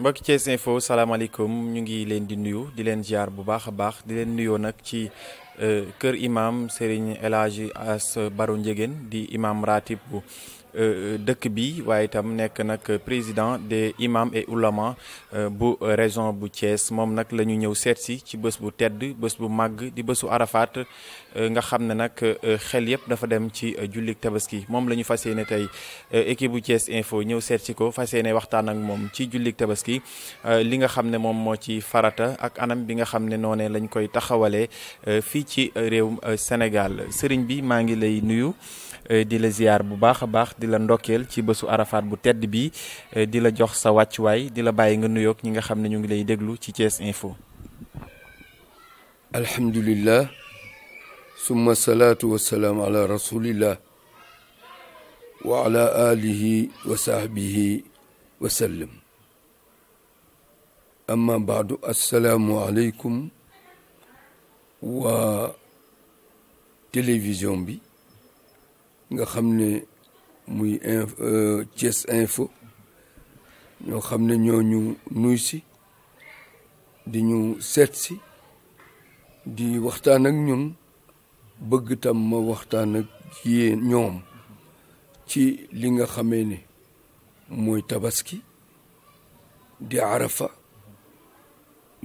mbokki Thiès Info salaamaaleykum ñu ngi leen di nuyu di leen ziar bu baax a baax di leen nuyoo nag ci euh, kër imaam Serigne El Hadji As Baro Ndiéguène di imam ratib bu Euh, dëkk bi waaye itam nekk nag président de imam et oulama euh, bu raison bu Thiès moom nag la ñu ñëw seet si ci bës bu tedd bës bu màgg di bësu Arafat euh, nga xam ne nag xel yëpp dafa dem ci jullik tabaski moom la ñu fas yéene tey équipe bu Thiès info ñëw seet si ko fas ne waxtaan ak moom ci jullik tabaski li nga xam ne moom moo ci farata ak anam bi nga xam ne noonee lañ koy taxawalee fii ci réewum Sénégal sëriñ bi maa ngi lay nuyu. Euh, di la ziar bu baax a baax di la ndokkeel ci bésu arafaat bu tedd bi euh, di la jox sa wàccuwaay di la bàyyi nga nuyook ñi nga xam ne ñu ngi lay déglu ci Thiès Info. alhamdulillah summa salaatu wa salaam ala rasulillah wa ala alihi wa sahbihi wa sallam amma baadu assalaamu aleykum wa télévision bi nga xam ne muy in euh, Thiès info ñoo xam ne ñoo ñu nuy si di ñu seet si di waxtaan ak ñun bëgg tam ma waxtaan ak yéen ñoom ci li nga xamee ne mooy tabaski di arafa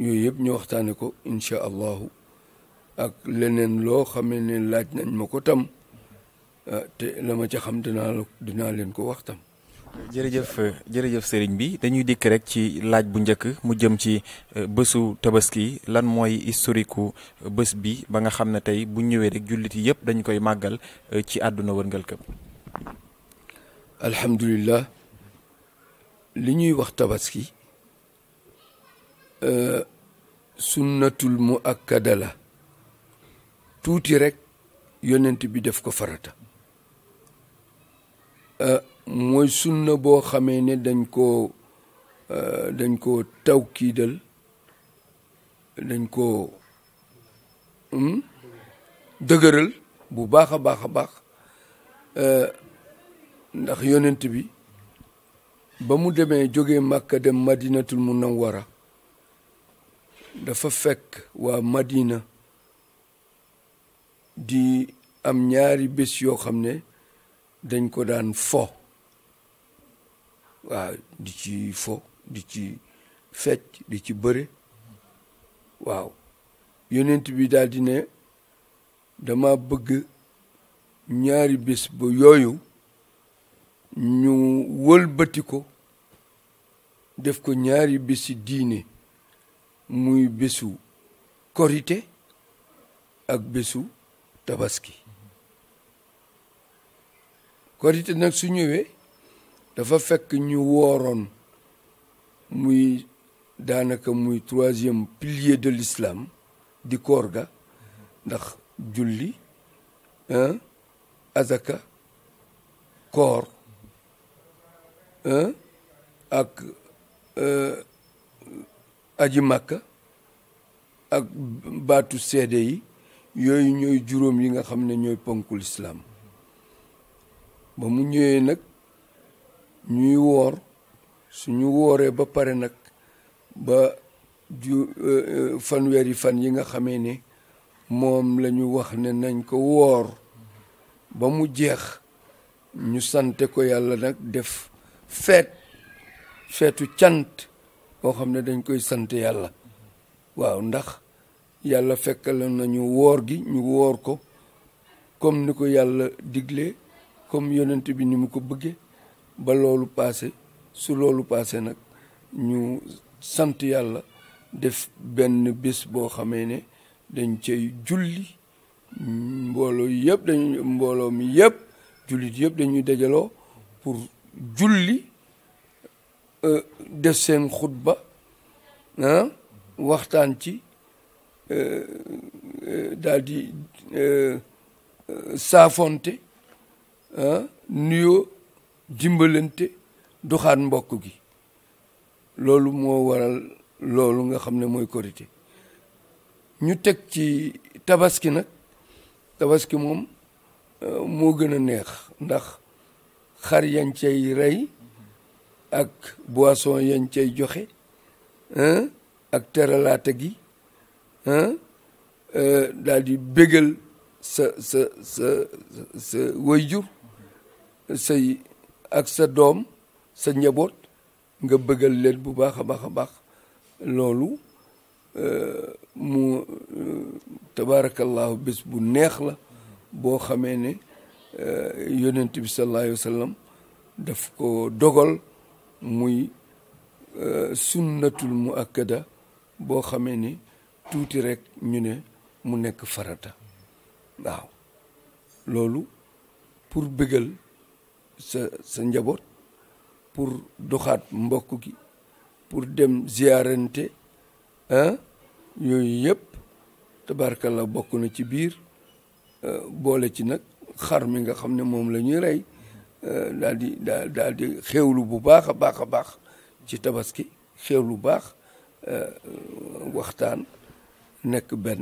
yooyu yëpp ñu waxtaane ko incha allahu ak leneen loo xamee ne laaj nañ ma ko tam Ah, te la ma ca xam dinaa la dinaa leen ko wax tam. jërëjëf jërëjëf sëriñ bi dañuy dikk rek ci laaj bu njëkk mu jëm ci eh, bésu tabaski lan mooy historique eh, bés bi ba nga xam ne tey bu ñëwee rek jullit yëpp dañu koy màggal eh, ci àdduna wërngal këpp. alhamdulilah li ñuy wax tabaski sunnatul mu akkada la tuuti rek yonent bi def ko farata. mooy sunna boo xamee ne dañ koo euh, dañ koo tawkiidal dañ koo hmm, dëgëral bu baax a baax a baax euh, ndax yonent bi ba mu demee jógee Màkka dem Madinatul wara dafa fekk waa Madina di am ñaari bés yoo xam ne dañ ko daan fo waaw di ci fo di ci fecc di ci bëre waaw yonent bi daldi ne dama bëgg ñaari bés ba yooyu ñu wëlbati ko def ko ñaari bési diine muy bésu korite ak bésu tabaski korite nag su ñëwee dafa fekk ñu wooroon muy daanaka muy troisième pilier de lislaam di koor ga ndax julli azaka koor ak euh, aji màkka ak baatu seede yi yooyu ñooy juróom yi nga xam ne ñooy ponkul lislaam ba mu ñëwee nag ñuy woor su ñu wooree ba pare nag ba ju euh, euh, fanweeri fan yi nga xamee ne moom lañu wax ne nañ ko woor ba mu jeex ñu sante ko yàlla nag def feet feetu cant boo xam ne dañ koy sant yàlla waaw ndax yàlla fekkal nañu woor gi ñu woor ko comme ni ko yàlla digle comme yonent bi ni mu ko bëggee ba loolu paase su loolu paase nag ñu sant yàlla def benn bés boo xamee ne dañ cay julli mbooloo yëpp dañu mbooloo mi yëpp jullit yëpp dañuy dajaloo pour julli euh, def seen xutba ah waxtaan ci euh, euh, daal saafonte nuyoo dimbalante doxaan mbokk gi loolu moo waral loolu nga xam ne mooy korité ñu teg ci tabaski nag tabaski moom moo gën a neex ndax xar yañ cay rey ak boisson yañ cay joxe ak teralaata gi daal di bégal sa sa sa sa wayjur say ak sa doom sa njaboot nga bëggal leen bu baax a baax a baax loolu euh, mu euh, tabaarakallahu bés bu neex la boo xamee ne euh, yonent bi sallallahu alayhi daf ko dogal muy sunnatul muakkada boo xamee ne tuuti rek ñu ne mu nekk farata waaw loolu pour bëggal sa sa njaboot pour doxaat mbokk gi pour dem ziarante ah yooyu yëpp la bokk na ci biir euh, boole ci nag xar mi nga xam ne moom la ñuy rey euh, daal di daal di xéewlu bu baax a baax a baax ci tabaski xéewlu baax euh, waxtaan nekk benn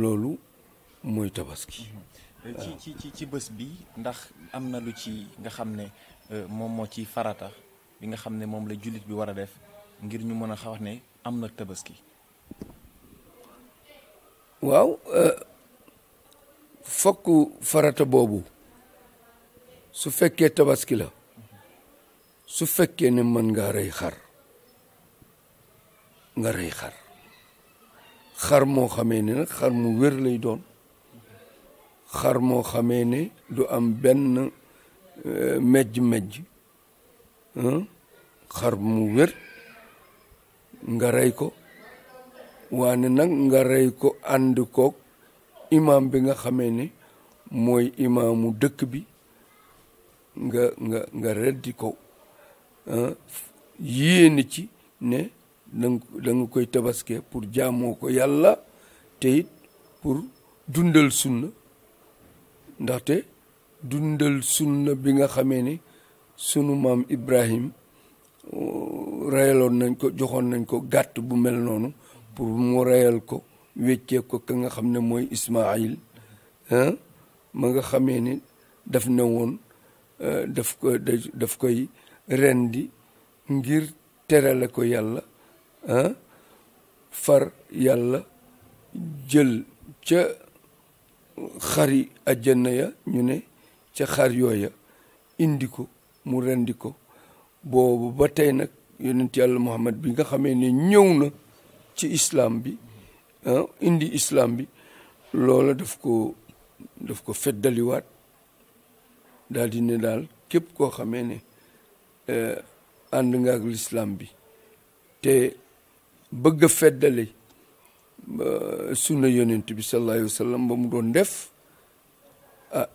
loolu mooy tabaski ci ci ci ci bés bi ndax am na lu ci nga xam ne euh, moom moo ci farata bi nga xam ne moom la jullit bi war a def ngir ñu mën a xaw ne am na tabaski. waaw euh, fokk farata boobu su fekkee tabaski la su fekkee ne mën nga rey xar nga rey xar xar moo xamee ne nag xar mu wér lay doon. xar moo xamee ne du am benn euh, mejj-mejj xar mu wér nga rey ko waane nag nga rey ko ànd koog imaam bi nga xamee ne mooy imaamu dëkk bi nga nga nga reddi ko yéene ci ne da koy tabaske pour jaamoo ko yàlla te pour dundal sunna ndaxte dundal sunna bi nga xamee ni sunu maam Ibrahim uh, rayaloon nañ ko joxoon nañ ko gàtt bu mel noonu pour mu reyal ko weccee ko ka nga xam ne mooy Ismaayil ma nga xamee ni daf ne woon uh, daf ko daf koy rendi ngir terale ko yàlla far yàlla jël ca xari àjjana ya ñu ne ci xar yooya indi ko mu rendi ko boobu ba tey nag yonent yàlla muhammad bi nga xamee ne ñëw na ci islam bi ah, indi islam bi loola daf ko daf ko feddaliwaat daal di ne daal képp koo xamee ne eh, ànd nga ak l'islam bi te bëgg a feddali sunna yonent bi sallallahu ba mu doon def ah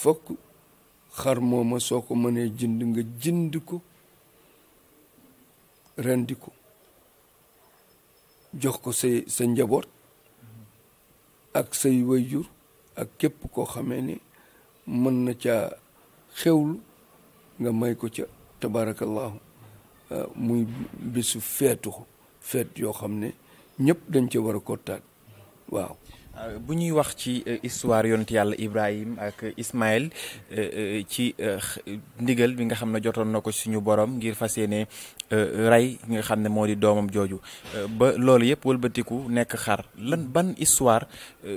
fokk xar mooma soo ko mënee jënd nga jënd ko rendi ko jox ko sa sa njaboot ak say wayjur ak képp koo xamee ni mën na ca xewlu nga may ko ca tabarakallahu ah, muy bisu feetu feet yoo xam ne ñëpp dañ ci war a kontaan waaw. Euh, bu ñuy wax ci euh, histoire yonent yàlla Ibrahim ak Ismaël euh, ci ndigal bi nga xam ne jotoon na ko suñu borom ngir fas yéene rey nga xam ne moo di doomam jooju ba loolu yëpp wëlbatiku nekk xar lan ban histoire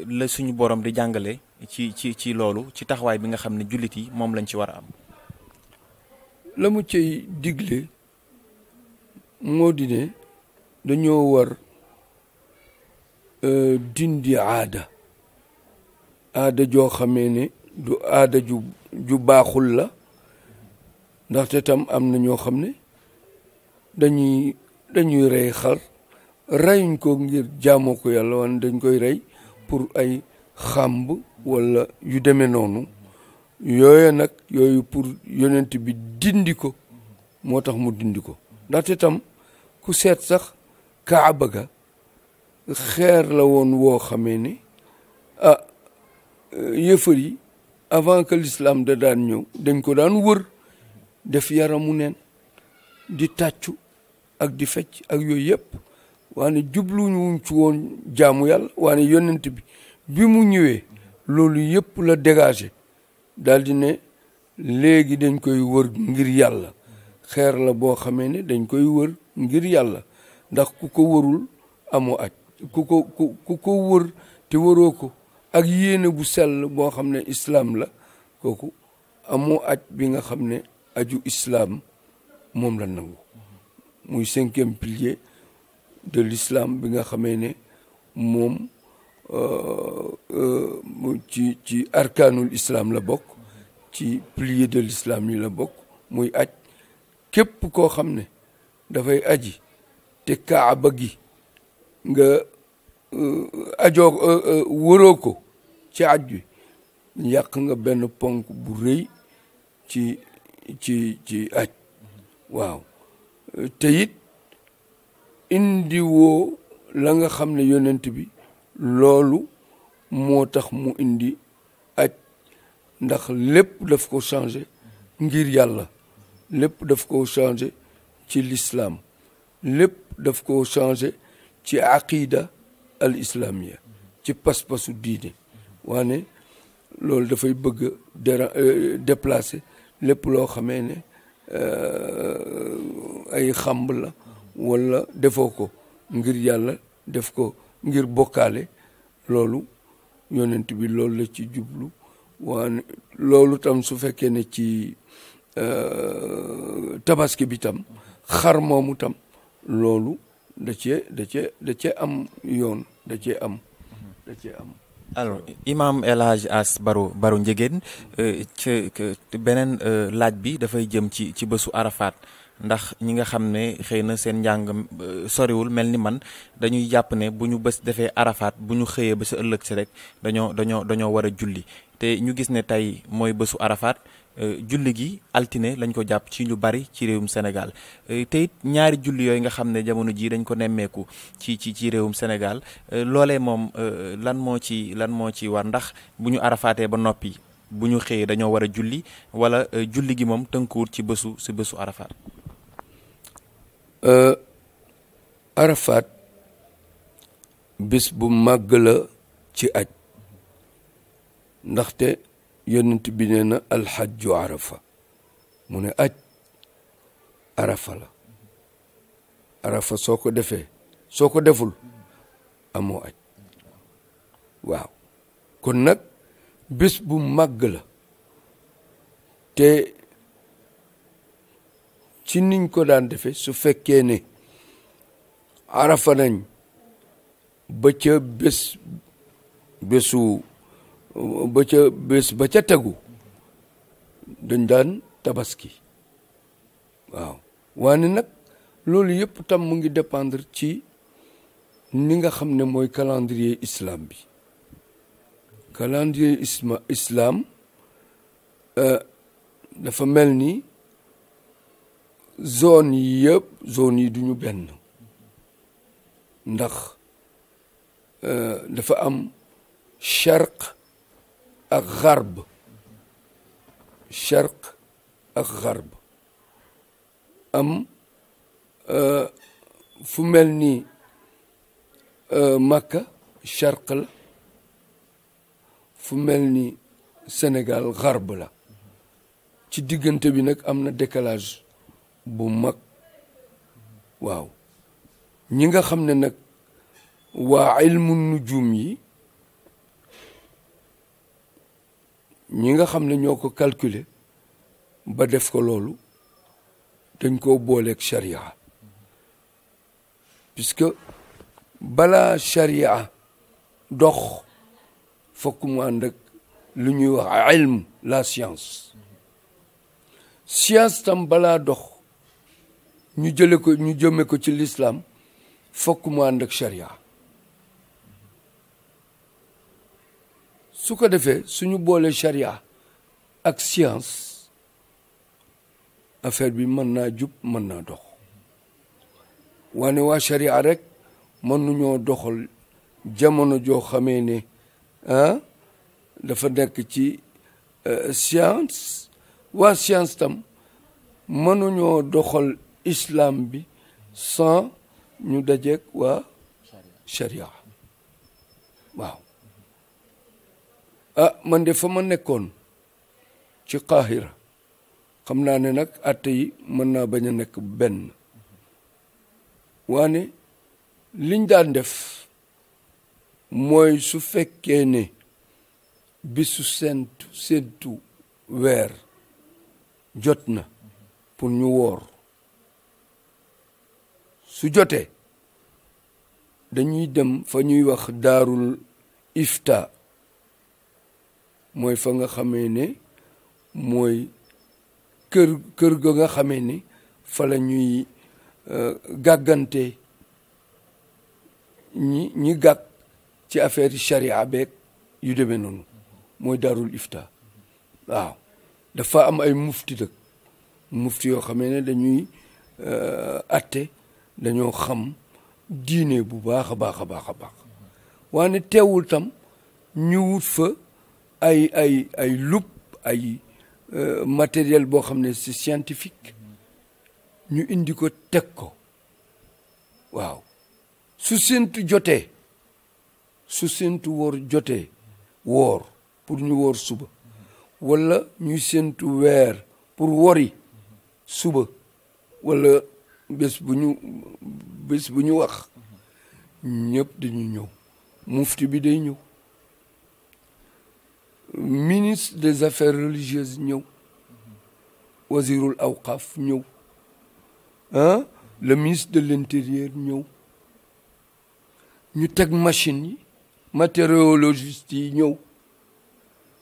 la suñu boroom di jàngale ci ci ci loolu ci taxawaay bi nga xam ne jullit yi moom lañ ci war a am. la mu cay digle moo di ne dañoo war. Euh, dindi aada aada joo xamee ne du aada ju baaxul la ndaxte tam am na ñoo xam ne dañuy dañuy rey xar reyuñ ko ngir jaamoo ko yàlla wan dañ koy rey pour ay xàmb walla yu demee noonu yooye nag yooyu pour yonent bi dindi ko moo tax mu dindi ko ndaxte tam ku seet sax kaaba ga xeer la woon woo xamee ne ah yëfër yi avant que l'islam da daan ñëw dañ ko daan wër def mu neen di tàccu ak di fecc ak yooyu yëpp waane jubluwuñ ci woon jaamu yàlla waane yonent bi bi mu ñëwee loolu yëpp la dégagé daal di ne léegi dañ koy wër ngir yàlla xeer la boo xamee ne dañ koy wër ngir yàlla ndax ku ko wërul amoo aj ku ko wër te waroo ko ak yéene bu sell boo xam ne islaam la kooku amu aj bi nga xam ne aju islaam moom la nangu muy cinquième pilier de l'islam bi nga xamee ne moom euh, euh, ci ci arkaanul islam la bokk ci pilier de l'islam yi la bokk muy aj képp koo xam ne dafay aji te kaaba gi nga euh, ajoo euh, euh, wëroo ko ci aj bi yàq nga benn ponk bu rëy ci ci ci aj waaw te it indi woo la nga xam ne yonent bi loolu moo tax mu indi aj ndax lépp def ko changé ngir yàlla lépp def ko changé ci l'islam lépp def ko changé ci aqida al islamiya ci pas-pasu diine waane loolu dafay bëgg déra euh, déplacer lépp loo xamee ne euh, ay xàmb la walla defoo ko ngir yàlla def ko ngir bokkaale loolu yonent bi loolu la ci jublu waane loolu tam su fekkee ne ci euh, tabaski bi tam xar moomu tam loolu da cee da cee da cee am yoon da cee am da cee am alors imam El Hadj As Baro Baro Ndiéguène euh, beneen euh, laaj bi dafay jëm ci ci bésu Arafat ndax ñi nga xam ne xëy na seen njàng euh, soriwul mel ni man dañuy jàpp ne bu ñu bës defee Arafat bu ñu xëyee ba sa ëllëg si rek dañoo dañoo dañoo war a julli te ñu gis ne tey mooy bësu Arafat Euh, julli gi altine lañ ko jàpp ci lu bari ci réewum Sénégal euh, te ñaari julli yooyu nga xam ne jamono jii dañ ko nemmeeku ci ci ci réewum Sénégal euh, loole moom lan moo ci lan moo ci war ndax bu ñu arafaatee ba noppi bu ñu xëyee dañoo war a julli wala julli gi moom tënkuwut ci bésu si bésu arafaat. arafaat bis bu màgg la ci aj ndaxte. yonent bi nee na alxajju arafa mu ne aj arafa la arafa soo ko defee soo ko deful amoo aj waaw kon nag bés bu màgg la te ci niñ ko daan defee su fekkee ne arafa nañ ba ca bés bésu ba ca bés ba ca tegu dañ daan tabaski waaw waane nag loolu yëpp tam mu ngi dépendre ci ni nga xam ne mooy calendrier islam bi calendrier isma islam euh, dafa mel ni zone yi yëpp zone yi du duñu benn ndax euh, dafa am sharq ak xarb charq ak xarb am euh, fu mel ni euh, Makka charq la fu mel ni Sénégal xarb la ci diggante bi nag am na décalage bu mag waaw ñi nga xam ne nag wa ilmu nujum yi ñi nga xam ne ñoo ko calculer ba def ko loolu dañ koo booleeg charia puisque balaa charia dox fokk mu ànd lu ñuy wax ilm la science science tam balaa dox ñu jële ko ñu jëme ko ci lislaam fok mu ànd ak su ko defee suñu boole charia ak science affaire bi mën naa jub mën naa dox waane waa charia rek mënuñoo doxal jamono joo xamee ne ah dafa nekk ci euh, science waa science tam mënuñoo doxal islam bi sans ñu dajeeg waa charia waaw ah man de fa ma nekkoon ci Qahira xam naa ne nag at yi mën naa bañ a nekk benn waane liñ daan def mooy su fekkee ne bisu sentu sentu weer jot na pour ñu woor su jotee dañuy dem fa ñuy wax daarul ifta mooy fa nga xamee ne mooy kër kër ga nga xamee ne fa la ñuy euh, gàggante ñi ñi gàgg ci affaire charia beeg yu demee noonu mooy daarul ifta waaw dafa am ay mufti dëkk mufti yoo xamee ne dañuy euh, atte dañoo xam diine bu baax a baax baax a baax waane teewul tam ñu wut fa ay ay ay loupe ay euh, matériel boo xam ne c'est scientifique ñu indi ko teg ko waaw su séntu jotee su séntu wor jotee woor pour ñu wor suba wala ñuy séntu weer pour wori suba wala bés bu ñu bés bu ñu wax ñëpp dañu ñëw mufti bi day ñëw ministre des affaires religieuses ñëw wasirul awqaf ñëw ah le ministre de l'intérieur ñëw ñu teg machine yi météorologiste yi ñëw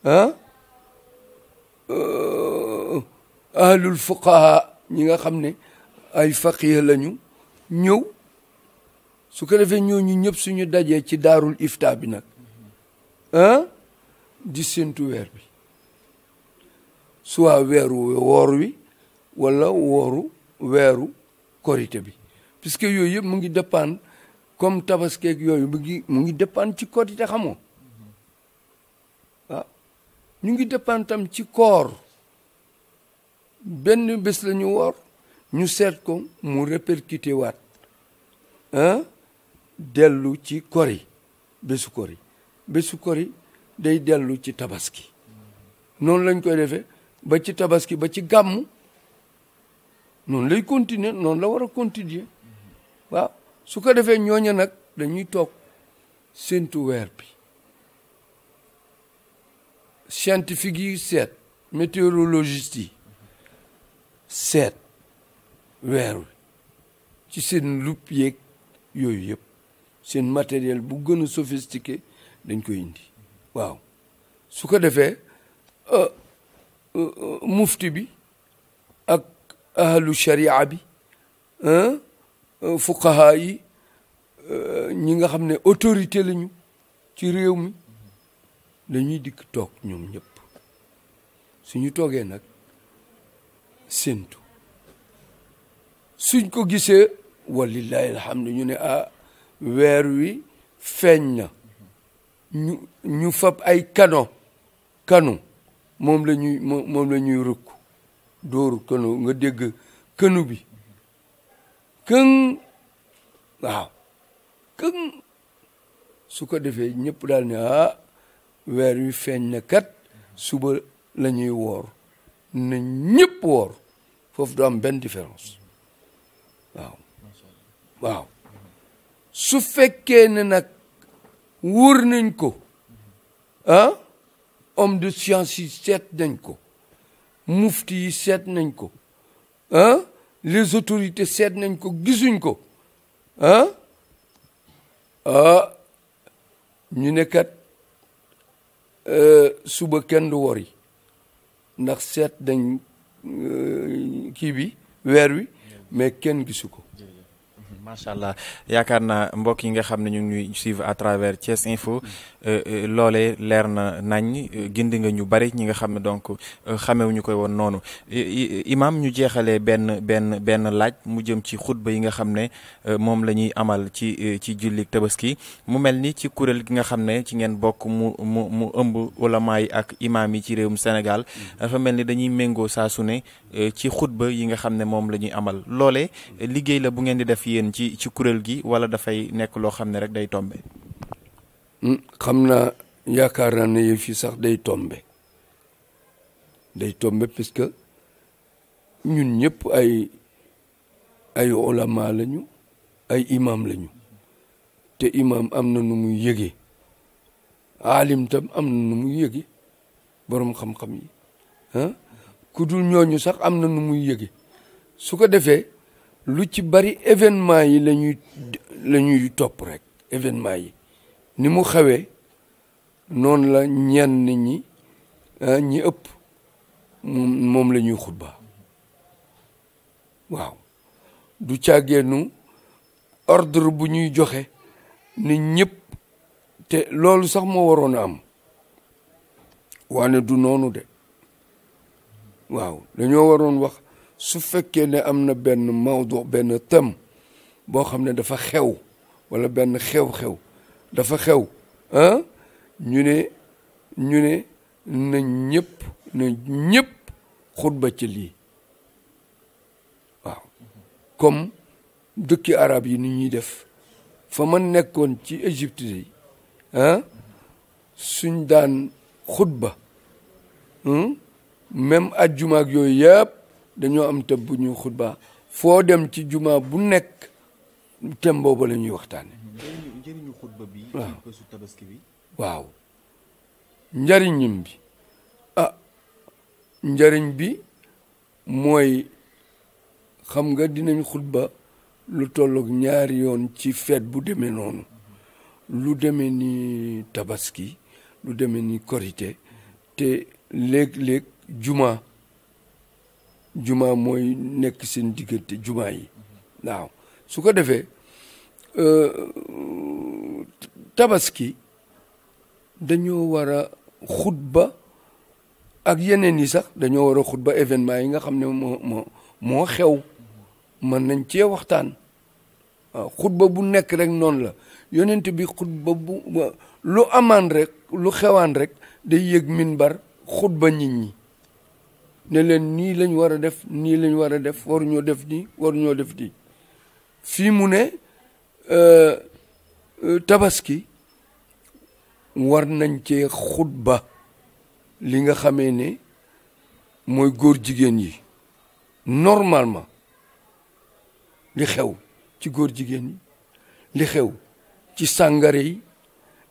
ah ahlul fuqaha ñi nga xam ne ay faqiya lañu ñëw su ko defee ñu ñëpp suñu dajee ci daarul ifta bi nag ah di sintu weer bi soit weeru woor wi wala wooru weeru korité bi puisque yooyu yëpp mu ngi dépendre comme tabaskeeg yooyu mu ngi mu ngi dépendre ci korité xamoo ah, ñu ngi dépendre tam ci koor benn bés la woor ñu seet ko mu répercuté waat ah, dellu ci kori bésu kori bésu kori day dellu ci tabaski noonu lañ koy defee ba ci tabaski ba ci gàmm noonu lay continuer noonu la war a continuer su ko defee ñooña nag dañuy toog séntu weer bi scientifique yi seet météorologiste yi seet weer wi ci seen lupp yeeg yooyu yëpp seen matériel bu gën a sophistiqué dañ koy indi waaw su ko defee euh, euh, euh, mufti bi ak ahlu sharia bi fuqaha yi ñi nga xam ne autorité lañu ci réew mi dañuy dikk toog ñoom ñëpp suñu toogee nag séntu suñ ko gisee walillahi alhamdu ñu ne ah weer wi feeñ na ñu fab ay kano kanu moom la ñuy moom la ñuy rëkk dóoru kanu nga dégg kënu bi këŋ waaw këŋ su ko defee ñëpp daal ne ah weer wi feeñ na kat suba la ñuy woor na ñëpp woor foofu du am benn différence waaw waaw su fekkee ne wóor nañ ko ah homme de science yi seet dañ ko mufti yi seet nañ ko ah les autorités seet nañ ko gisuñ ko ah ah ñu ne kat euh, suba kenn du wori ndax seet nañ euh, kii bi weer wi mais kenn gisu ko macha allah yaakaar naa mbokk yi nga xam ne ñu ngi ñuy suivre à travers Thiès Info mm. euh, euh, loole leer na nañ euh, gindi nga ñu bari ñi nga xam ne donc xamewuñu koy woon noonu imaam ñu jeexalee benn benn benn laaj mu jëm ci xutba yi nga xam ne moom la ñuy amal ci ci jullik tabaski mu mel ni ci kuréel gi nga xam ne ci ngeen bokk mu mu mu ëmb ulama yi ak imam yi ci réewum Sénégal mm. mel ni dañuy méngoo saa su ne ci xutba yi nga xam ne moom la ñuy amal mm. liggéey la bu ngeen di def yéen ci ci kuréel gi wala dafay nekk loo xam ne rek day tombe hmm, xam naa yaakaar naa ne yëf yi sax day tombe day tombe puisque ñun ñëpp ay ay ulama lañu ay imam lañu te imam am na nu mu yége aalim tam am na nu muy yëge boroom xam-xam yi ah ku dul ñooñu sax am na nu muy yëge su ko defee lu ci bari événement yi la topp rekk événement yi ni mu xawee noonu la ñenn ñi ah, ñi ëpp moom lañuy ñuy xutba waaw du càggeenu ordre bu ñuy joxe ni ñëpp te loolu sax moo waroon a am waane du noonu de waaw dañoo waroon wax su fekkee ne am na benn mawdu benn thème boo xam ne dafa xew wala benn xew-xew dafa xew ah ñu ne ñu ne na ñëpp na ñëpp xutba ci lii waaw comme dëkki arab yi ni ñuy def fa ma nekkoon ci Égypte yi ah suñ daan xutba hmm? même ajjumaak yooyu yëpp dañoo am tëb bu ñuy xutba foo dem ci juma bu nekk thème boobu la ñuy waxtaane njëriñu xutba bi waaw bésu tabaski bi waaw njëriñam bi ah njëriñ bi mooy xam nga dinañ xutba lu tollook ñaari yoon ci feet bu demee noonu lu demee ni tabaski lu deme ni korite te léeg-léeg juma juma mooy nekk seen diggante jumaa yi waaw su ko defee euh, tabaski dañoo war a xutba ak yeneen yi sax dañoo war a xutba événement yi nga xam ne moo moo moo xew mën nañ cee waxtaan waaw xutba bu nekk rek noonu la yonent bi xutba bu lu amaan rek lu xewaan rek day yëg minbar xutba nit ñi ne leen nii lañ war a def nii lañ war a def waruñoo def nii waruñoo def nii fii mu ne euh, euh, tabaski war nañ cee xutba li nga xamee ne mooy góor jigéen yi normalement li xew ci góor jigéen yi li xew ci sàngare yi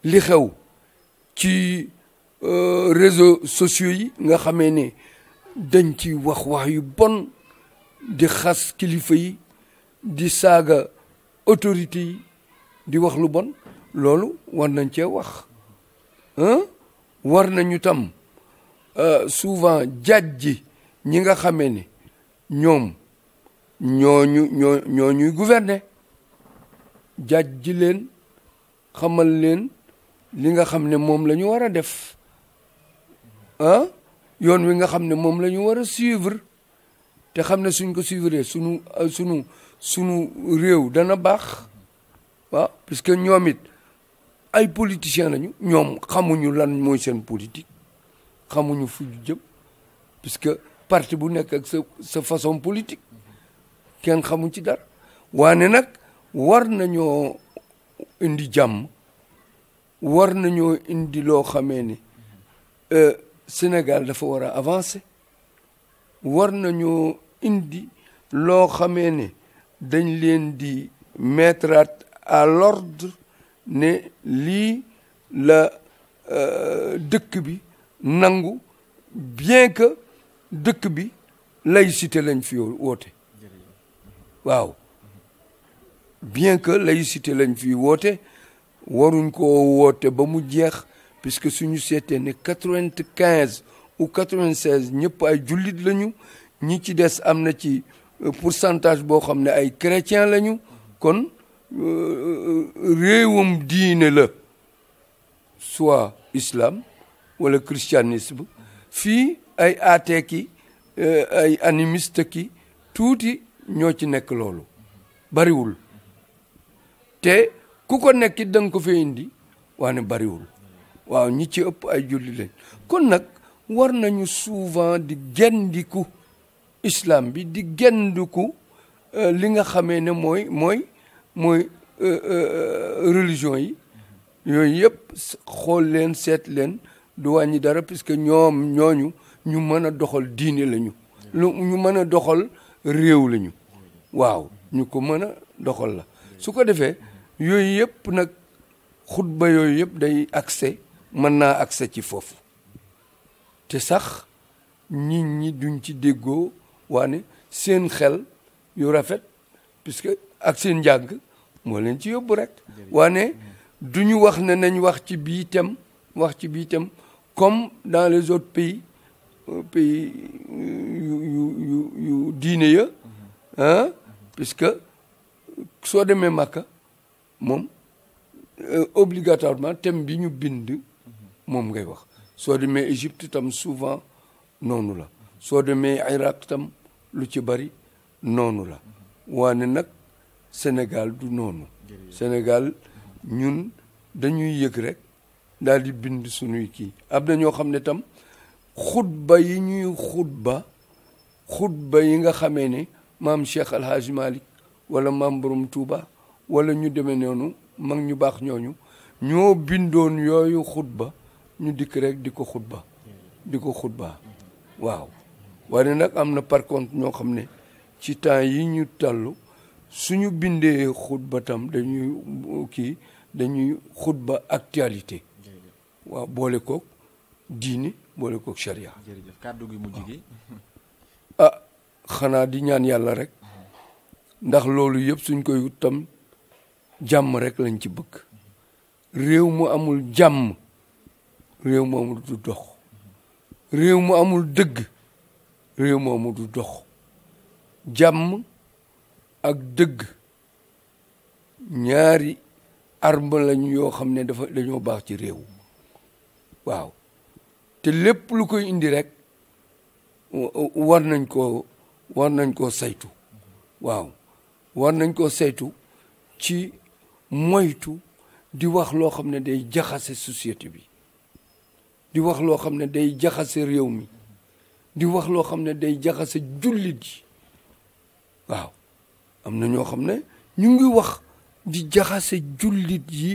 li xew ci euh, réseaux sociaux yi nga xamee ne dañ ci wax wax yu bon di xas kilifa yi di saaga autorité yi di wax lu bon loolu war nañ cee wax war nañu tam euh, souvent jàjji ñi nga xamee ni ñoom ñooñu ñoo ñoo ñuy gouverner jàjji leen xamal leen li nga xam ne moom lañu ñu war a def ah yoon wi nga xam ne moom la ñu war a suivre te xam ne suñ ko suivre sunu euh, sunu sunu réew dana baax parce que ñoom it ay politiciens lañu ñoom xamuñu lan mooy seen politique xamuñu fu ñu jëm que parti bu nekk ak sa sa façon politique kenn xamu ci dara waane nag war nañoo indi jàmm war nañoo indi loo xamee ni euh, Sénégal dafa war a avancé war nañoo indi loo xamee ne dañ leen di mettre à l'ordre ne lii la euh, dëkk bi nangu bien que dëkk bi site lañ fi woote waaw bien que laïcité lañ fi woote waruñ koo woote ba mu jeex puisque suñu seetee ne quatre-vingt-quinze ou quatre-vingt-seize ñëpp ay jullit lañu ñi ci des am na ci euh, pourcentage boo xam ne ay chrétien lañu kon euh, euh, réewum diine la soit islam wala christianisme fii ay athée ki ay animiste ki tuuti ñoo ci nekk loolu bariwul te ku ko nekki da nga ko fee indi waane bariwul waaw ñi ci ëpp ay julli lañ kon nag war nañu souvent di gendiku islam bi di gendiku euh, li nga xamee ne mooy mooy mooy euh, euh, religion yi yooyu yëpp xool leen seet leen du wàññi dara puisque ñoom ñooñu ñu mën a doxal diini lañu lu ñu mën a doxal réew lañu waaw ñu ko mën a doxal la su ko defee yooyu yëpp nag xutba yooyu yëpp day accès mën naa ak accès ci foofu te sax nit ñi duñ ci déggoo waane seen xel yu rafet que ak seen njàng moo leen ci yóbbu rek waane du ñu wax na nañ wax ci bii thème wax ci bii thème comme dans les autres pays euh, pays yu yu yu diine ya ah puisque soo demee Màkka moom euh, obligatoirement thème bi ñu bind moom ngay wax soo demee Égypte tam souvent noonu la soo demee Irak tam lu ci bari noonu la waane nag Sénégal du noonu Sénégal ñun dañuy yëg rek daal di bind suñuy kii ab na ñoo xam ne tam xutba yi ñuy xutba xutba yi nga xamee ne maam Cheikh Al Hadj Malick wala maam Borom Touba wala ñu demee noonu mag ñu baax ñooñu ñoo bindoon yooyu xutba ñu dikk rek di ko xutba di ko xutba waaw waaye nag am na par contre ñoo xam ne ci temps yi ñu tàllu suñu bindee xutba tam dañuy kii dañuy xutba actualité waaw boole koog diini boole koog charia jërëjëf kàddu gi mujj gi ah, ah xanaa di ñaan yàlla rek ndax loolu yëpp suñ koy tam jàmm rek lañ ci bëgg réew mu amul jàmm réew moomu du dox réew mu amul dëgg réew moomu du dox jàmm ak dëgg ñaari arme lañu yoo xam ne dafa dañoo baax ci réew waaw te lépp lu koy indi rek war nañ koo war nañ koo saytu waaw war nañ koo saytu ci moytu di wax loo xam ne day jaxase société bi wax loo xam ne day jaxase réew mi di wax loo xam ne day jaxase jullit yi waaw am na ñoo xam ne ñu ngi wax di jaxase jullit yi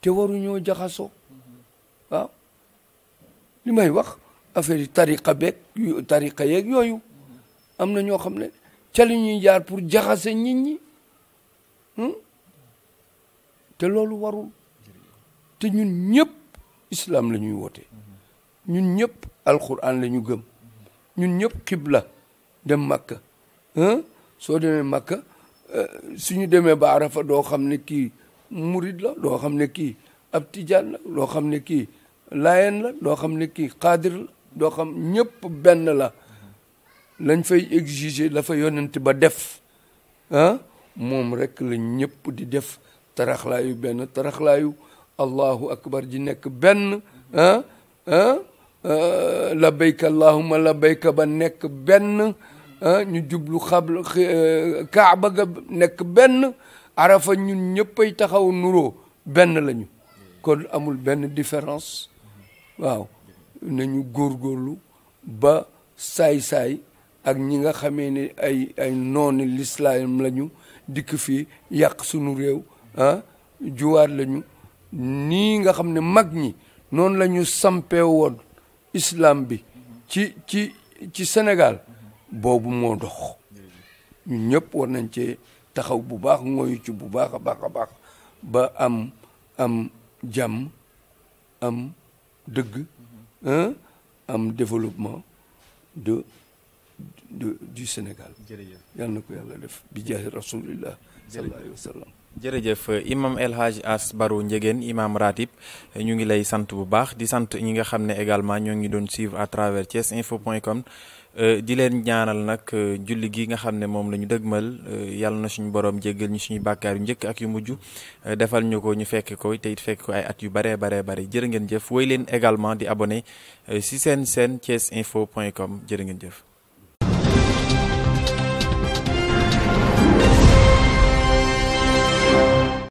te waruñoo jaxasoo waaw li may wax affaire yi tariqa beeg tariqa yeeg yooyu am na ñoo xam ne ca li ñuy jaar pour jaxase nit ñi hmm? te loolu waru te ñun ñëpp islam la ñuy woote ñun ñëpp alquran la ñu gëm ñun ñëpp xibla dem Makka soo demee Makka euh, suñu demee ba Arafa doo xam ne kii murit la doo xam ne kii ab tijaan la doo xam ne kii layen la doo xam ne kii xaadir la doo xam ñëpp benn la lañ fay exiger la fa yonent ba def moom rek la ñëpp di def taraxlaayu benn taraxlaayu allahu akbar ji nekk benn Euh, labbayka allahumma labbayka ba nekk benn euh, ñu jublu xabl euh, kaaba nekk benn arafa ñun ñëppay taxaw nuroo benn lañu kon amul benn différence waaw nañu góor góorlu ba saay-saay ak ñi nga xamee ni ay ay nooni lislaam lañu dikk fii yàq sunu réew ah, juwaat lañu nii nga xam ne mag ñi noonu lañu ñu sampee woon islam bi ci ci ci Sénégal boobu moo dox ñun ñëpp war nañ cee taxaw bu baax ngooyu ci bu baax a baax baax ba am am jàmm am dëgg am développement de de du Sénégal. jërëjëf yal na ko yàlla def bi jaahi rasulillah sallallahu alayhi jërëjëf imam El Hadj As Barou Ndiégène imam ratib ñu ngi lay sant bu baax di sant ñi nga xam ne également ñoo ngi doon suivre à travers Thiès info point com euh, di leen ñaanal nag euh, julli gi nga xam ne moom la ñu dëgmal euh, yal na suñu borom jéggal ñi suñu bàkkaar yu njëkk ak yu mujj defal ñu ko ñu fekk ko te it fekk ko ay at yu baree baree bare jër ngeen jëf woy leen également di abone si seen seen Thiès info point com jër ngeen jëf